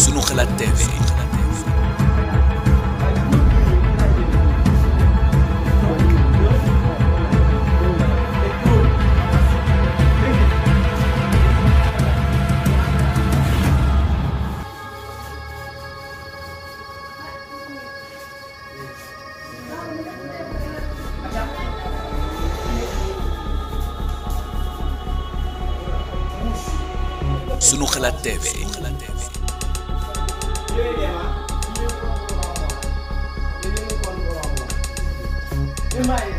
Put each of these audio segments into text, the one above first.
sunu xalaat TV. sunu xalaat TV. Mày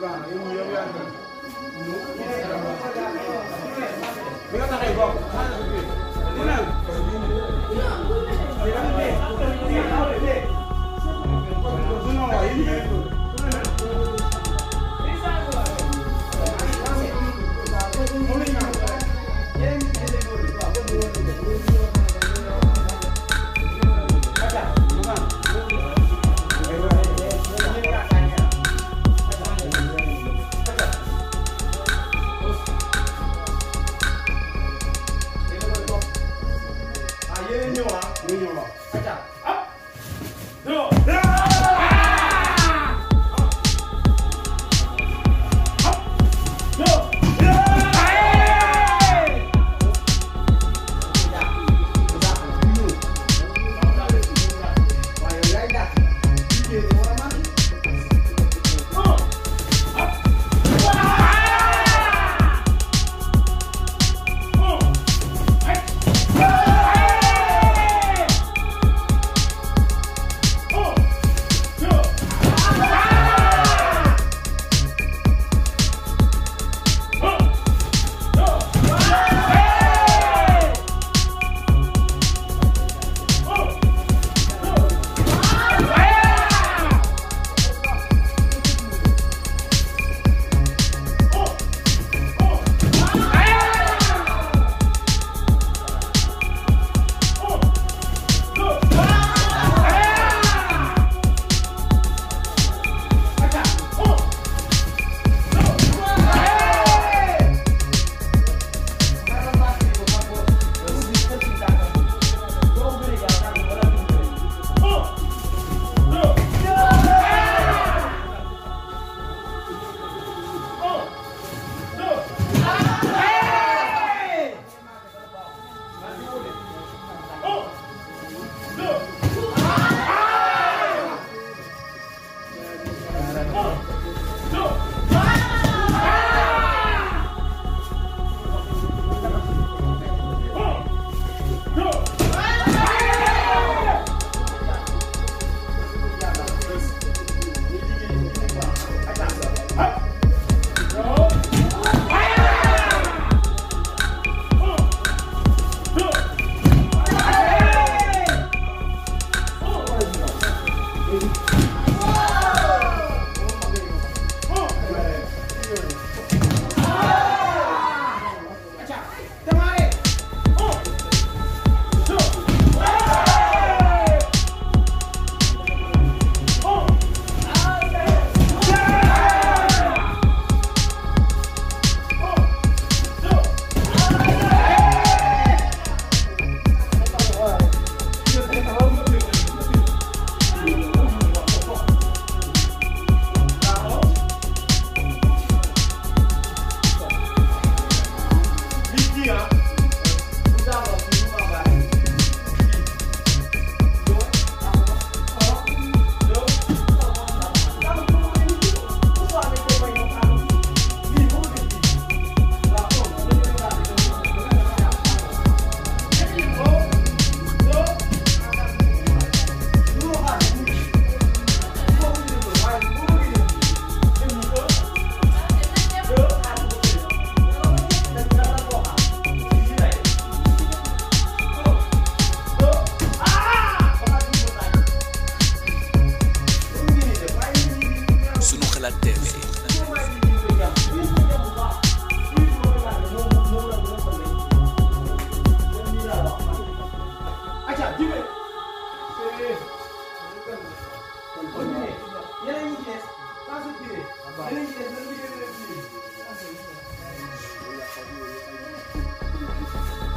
bi baax na yow mii yow yaa ngi doon ñu. bi nga taxee bokk. kon kon yeneen yi ci des sans se tirer yeneen yi ci des nan nga jëlee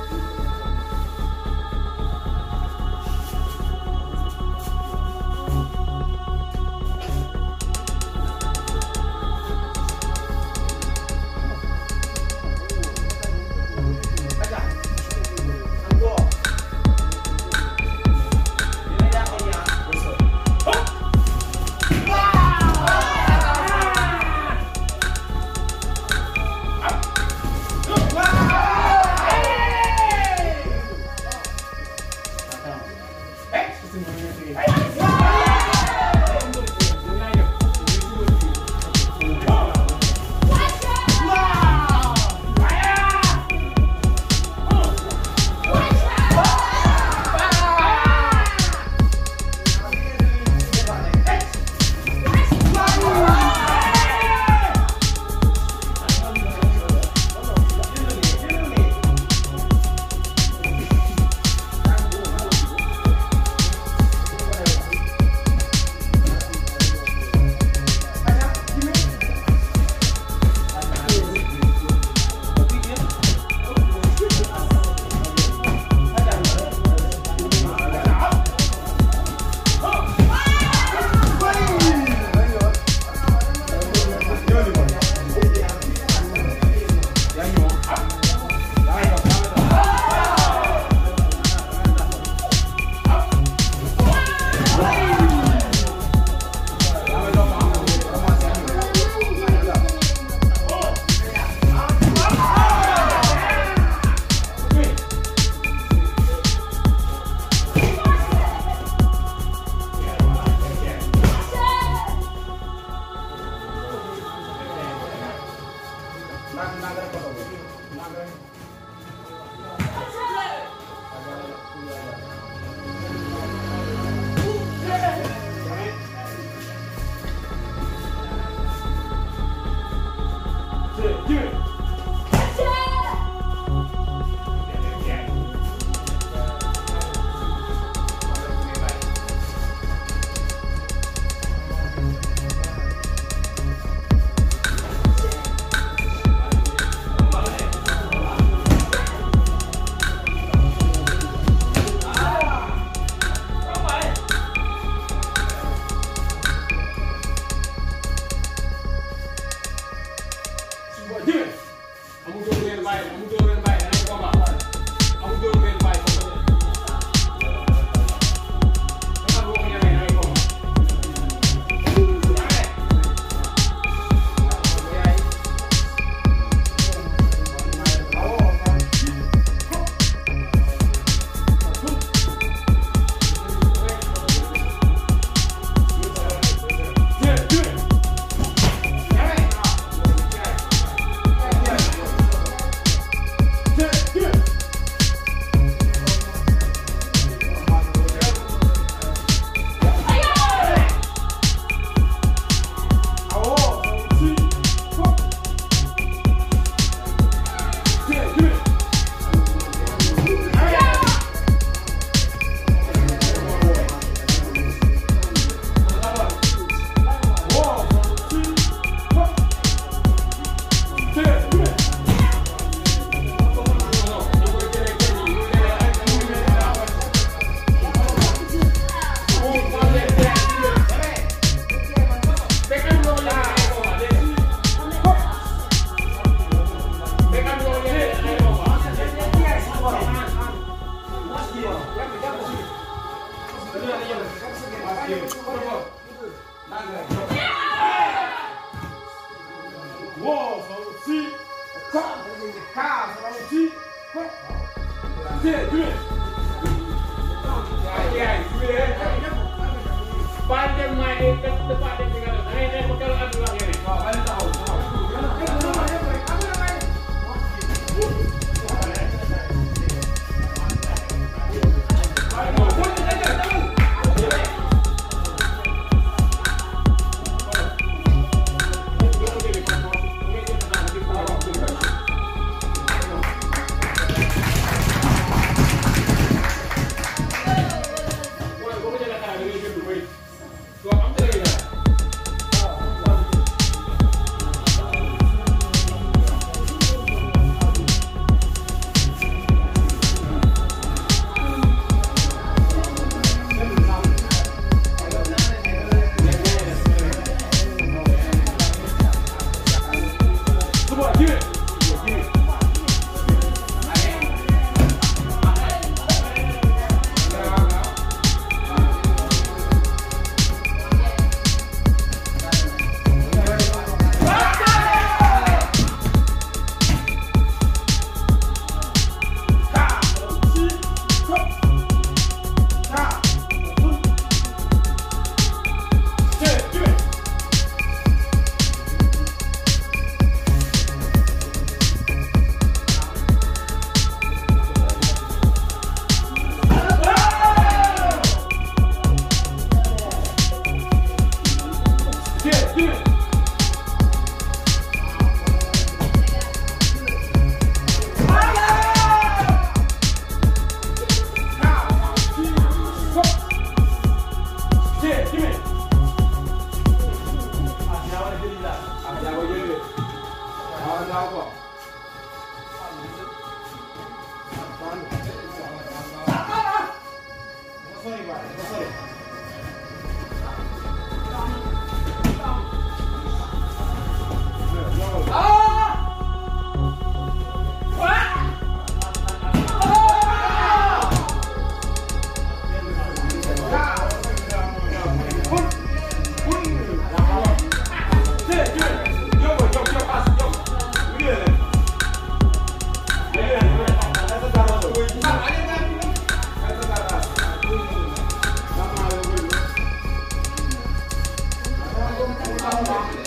Pandai main, cepat dengan. Ini saya bukan adu lagi. 好好。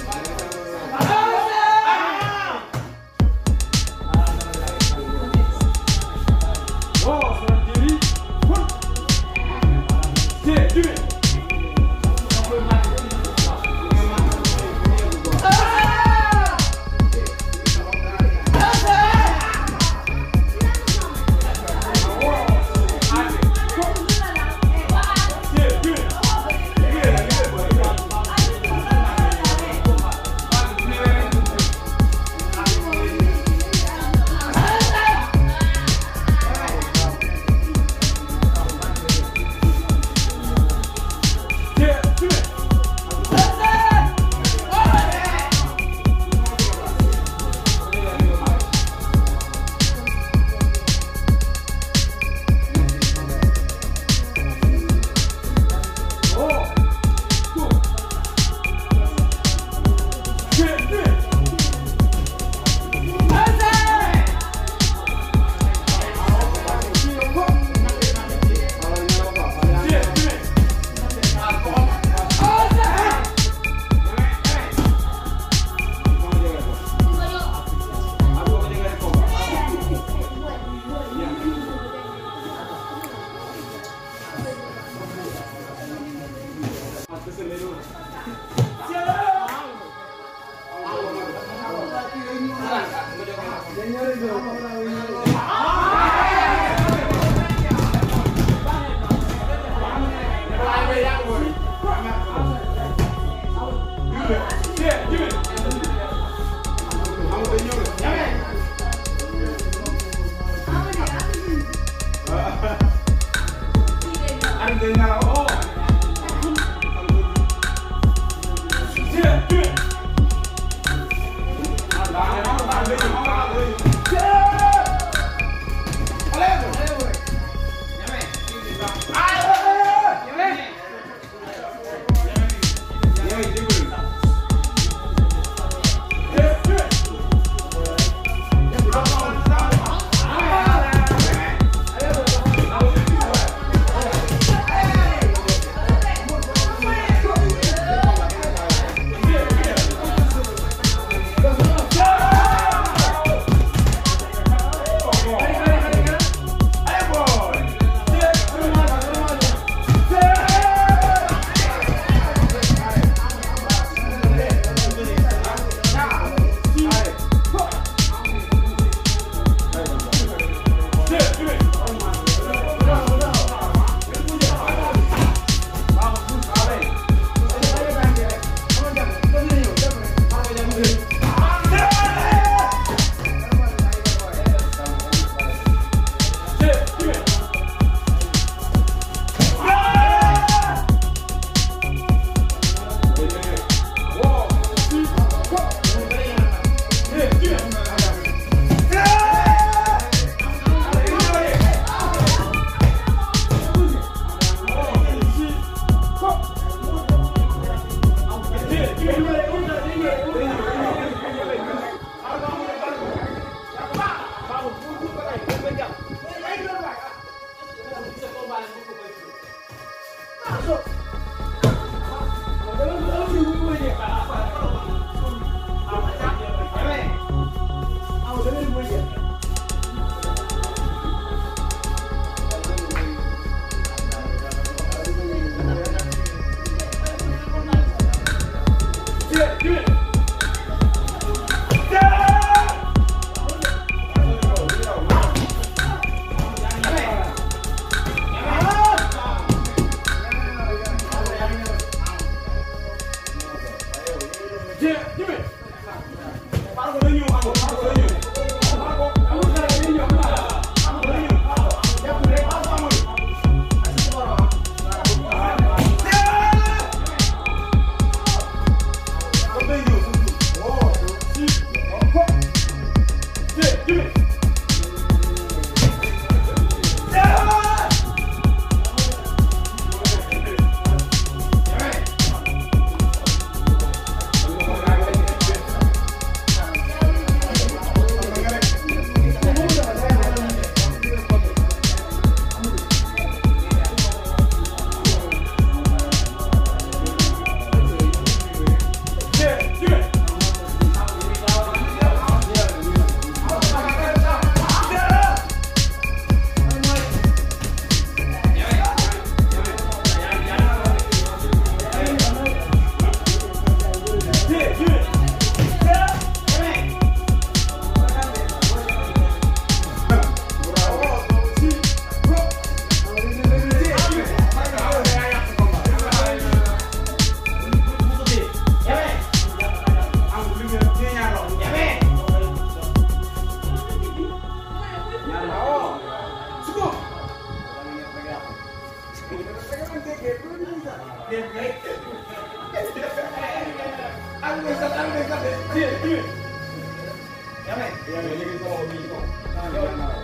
Thank you. Yeah. yaa ngi lay yëngu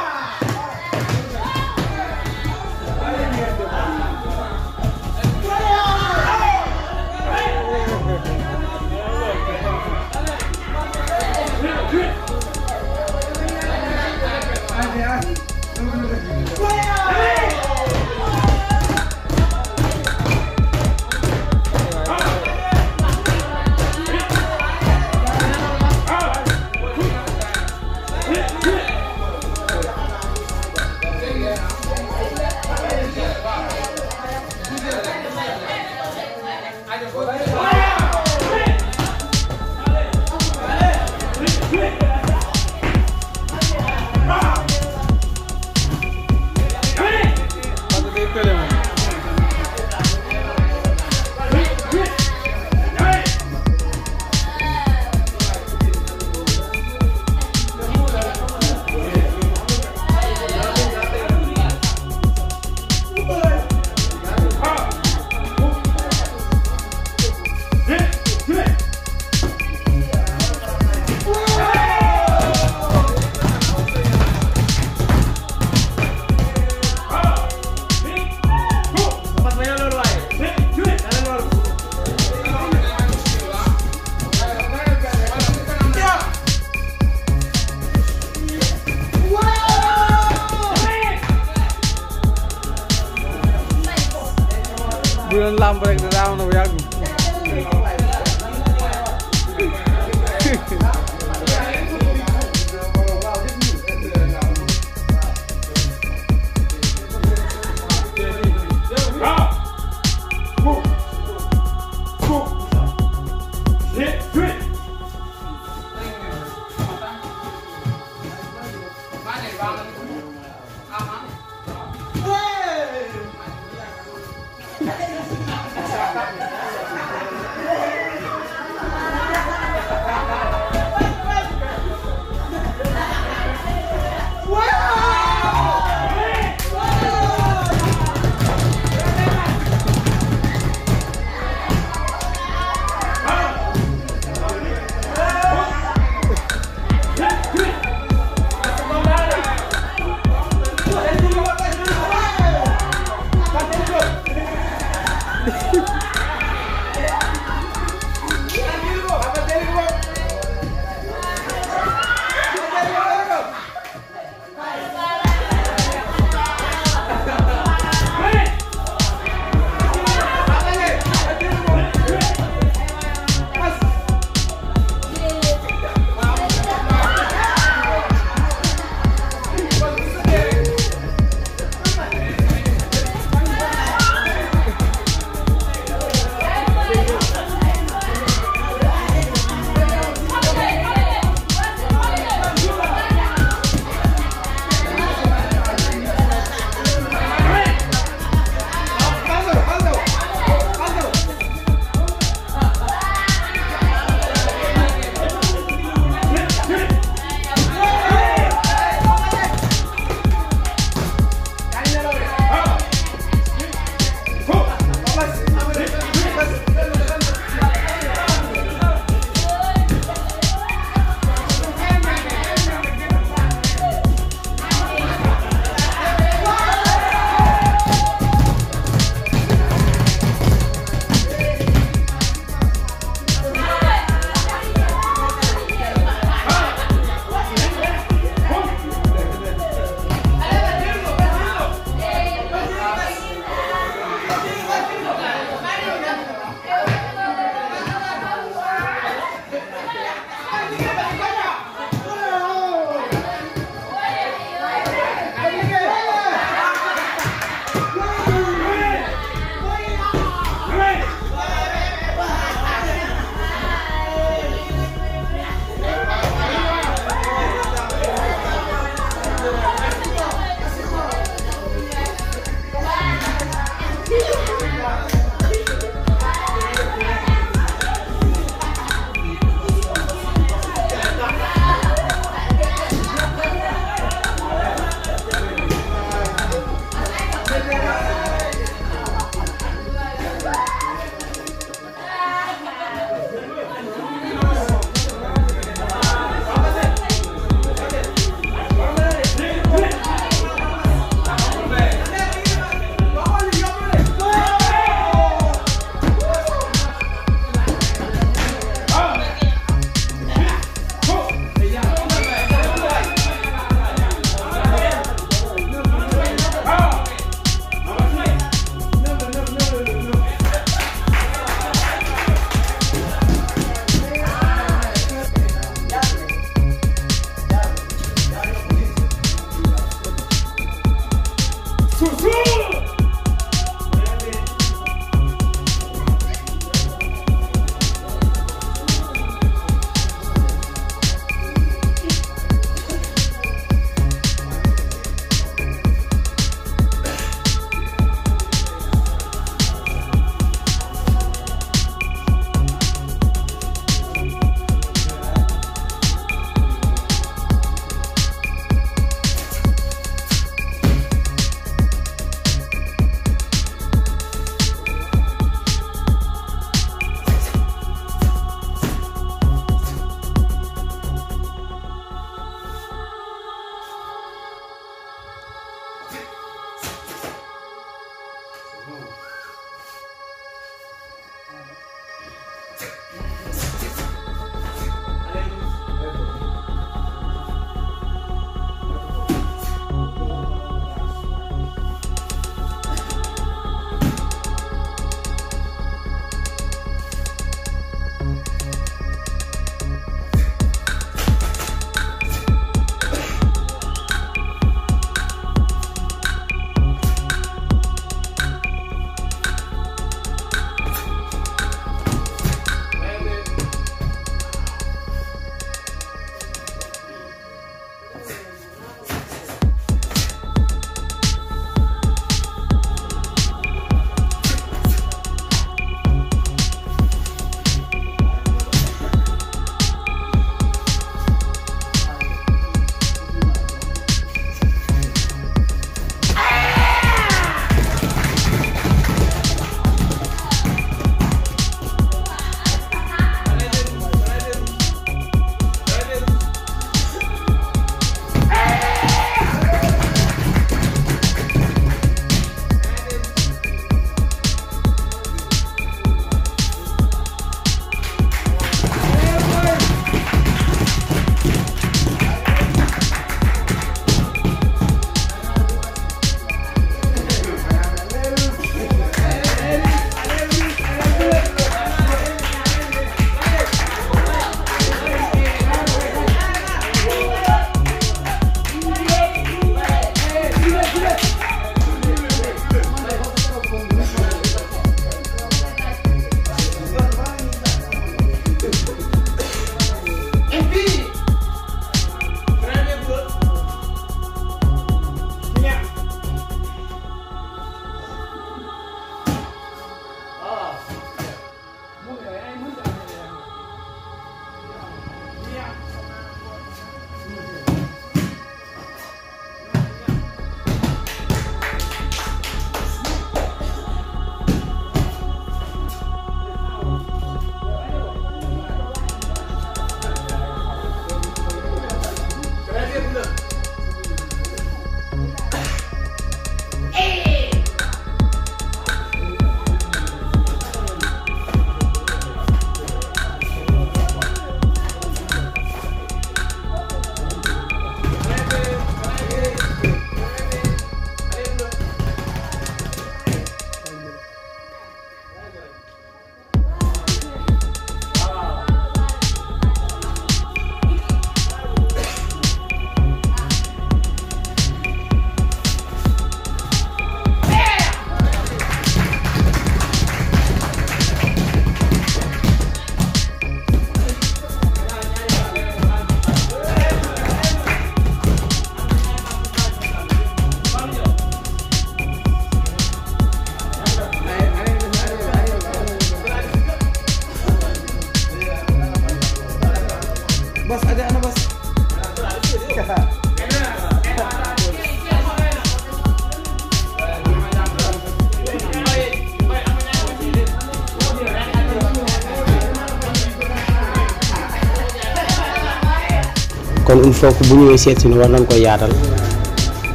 kon il faut bu ñëwee seet si war nañ koy yaatal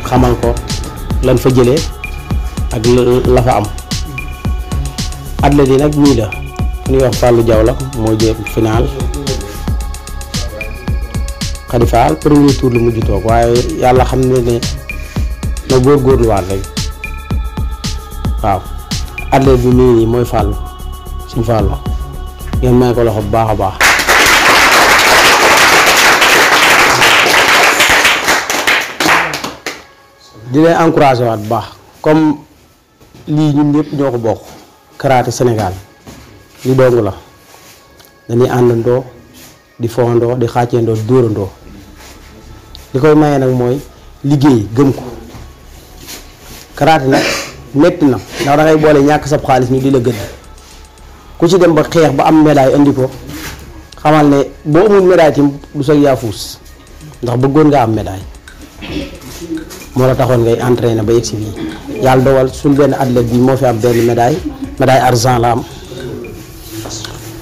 xamal ko lan fa jëlee ak la fa am athlètes yi nag ñii la ku wax Fallou Diaw la moo jël final Khady Fall premier tour la mujj toog waaye yàlla xam ne ne na góorgóorluwaat rek waaw athlète bi nii nii mooy Fall suñ Fall la ngeen may ko loxo bu baax a baax. encouragé waat bu baax comme lii ñun ñëpp ñoo ko bokk karaté Sénégal li dong la dañuy àndandoo. di fowandoo di xàccendoo dóorandoo li koy maye nag mooy liggéey gëm ko karaate nag métti na ndax dangay boole ñàkk sab xaalis ñu di la gëdd ku ci dem ba xeex ba am médaille indi ko xamal ne boo amul médaille tim du sag yaafuus ndax bëggoon nga am médaille moo la taxoon ngay entraîné ba yegsi fii yàlla dogal suñ benn athlète bi moo fi am benn médaille médaille argent la am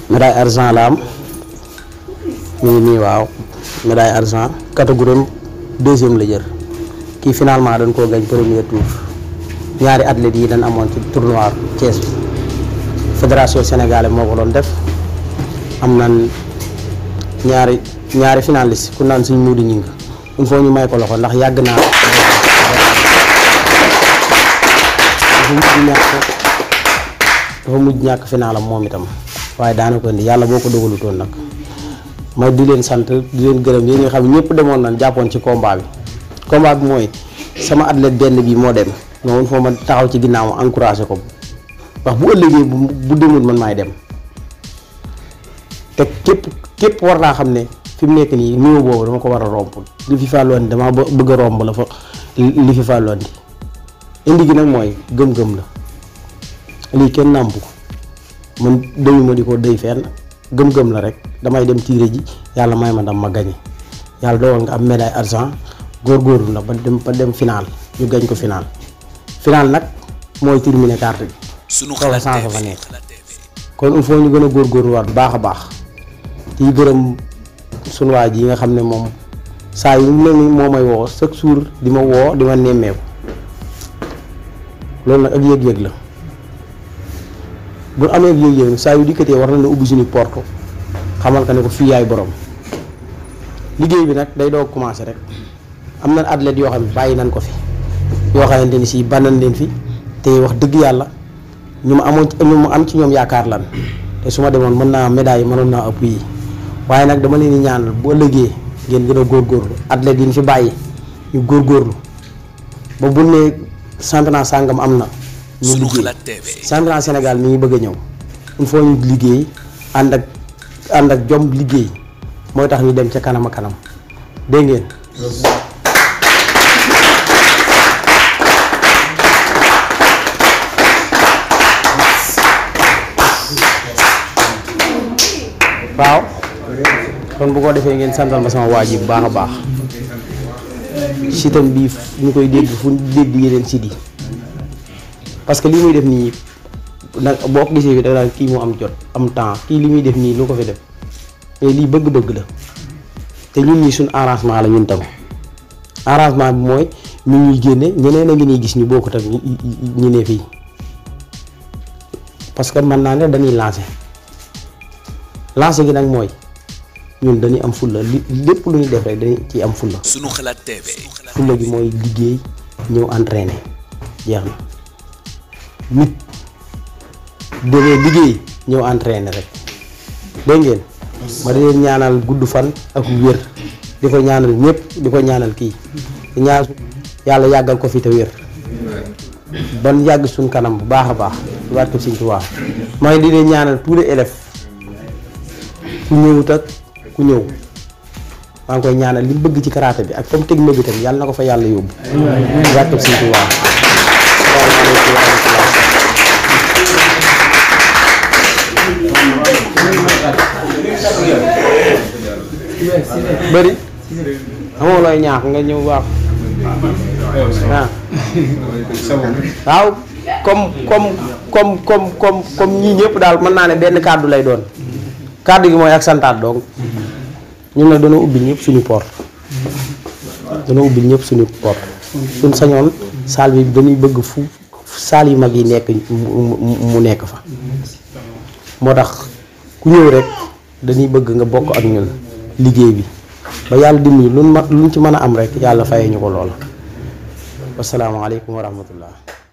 médaille argent la am mi ngi nii waaw médaille argent catégorie deuxième la jër kii finalement dañ koo gañ premier tour ñaari athlètes yi dañ amoon ci tournoi Thiès bi fédération moo ko doon def am nan ñaari ñaari finaliste ku naan suñ Muudu ñing il faut ñu may ko loxo ndax yàgg naa dafa mujj moom itam waaye daana ko yàlla boo ko dogalutoon nag ma di leen sant di leen gërëm yéen nga xam ne ñëpp demoon nañ jàppoon ci combat bi combat bi mooy sama athlète benn bi moo dem nga woon foo taxaw ci ginnaaw encouragé ko wax bu ëllëgee bu demul man maay dem te képp képp war naa xam ne fi mu nekk nii niveau boobu dama ko war a romp li fi dama damaa bëgg a romb la fa li fi fàlloon di indi gi nag mooy gëm-gëm la lii kenn nàmp ko man déyu di ko déy fenn gëm-gëm la rek damay dem tiire ji yàlla may ma ndam ma gañe yàlla dogal nga am médaille argent góorgóorlu na ba dem ba dem final ñu gañ ko finaal final nag mooy terminer carte bi. sunu xalaat fa kon il faut ñu gën a góorgóorluwaat bu baax a baax di gërëm sunu waa ji nga xam ne moom saa yu mel ni moo may woo chaque jour di ma woo di ma nemmeeku loolu nag ak yëg-yëg la bu amee yëg-yëg saa yu dikkatee war na la ubbi suñu porte. xamal ko ne ko fii yaay borom liggéey bi nag day doo commencé rek am na athlètes yoo xam ne bàyyi nañ ko fi yoo xamante ni si bannan leen fi te wax dëgg yàlla ñu ma amoon ñu am ci ñoom yaakaar lan te su ma demoon mën naa médaille mënoon naa ëpp yi waaye nag dama leen di ñaanal bu ëllëgee ngeen gën a góorgóorlu athlètes yi ñu fi bàyyi ñu góor góorlu ba bu ne championnat sàngam am na ñu liggéey championnat Sénégal mu ngi bëgg a ñëw il faut ñu liggéey ànd ak ànd ak jom liggéey mooy tax ñu dem ca kanam kanam dégg ngeen. waaw kon bu ko defee ngeen santal ma sama waa ji bu baax a baax sitam bii ñu koy dégg fu dégg yeneen sit yi parce muy def nii nag boo ko gisee bi da kii moo am jot am temps kii li muy def nii lu ko fi def mais lii bëgg-bëgg la te ñun ñii suñu arrangement la ñun tam arrangement bi mooy ñu ñuy génne ñeneen a gis ñu bokkut ak ñu ne fii parce que mën naa ne dañuy lancé lancé gi nag mooy ñun dañuy am fulla lépp lu ñu def rek dañuy ci am fulla suñu xalaat TV fulla gi mooy liggéey ñëw entraîné jeex na nit bu dee liggéey ñëw entraîner rek dégg ma di ñaanal gudd fan ak wér di ko ñaanal ñëpp di ko ñaanal kii di ñaan yàlla yàggal ko fi te wér ban yàgg suñ kanam bu baax a baax di waat ko Sëñ Tuubaa ma di leen ñaanal tous les élèves ku koy ñaanal li bëgg ci karaté bi ak comme technique bi tam yàlla na ko fa yàlla yóbbu di waat ko Sëñ Tuubaa bëri amoo looy ñaax nga ñëw waaw waaw comme comme comme comme comme comme ñii ñëpp daal mën naa ne benn kàddu lay doon kàddu gi mooy ak santaat donc ñun nag dana ubbi ñépp suñu porte dana ubbi ñëpp suñu porte suñ sañoon saal bi dañuy bëgg fu saal yu mag yi nekk mu nekk fa moo tax ku ñëw rek dañuy bëgg nga bokk ak ñun liggéey bi ba yàlla dimbali luñ ma luñ ci mën a am rekk yàlla fayee ñu ko loola wasalaamaaleykum wa rahmatullah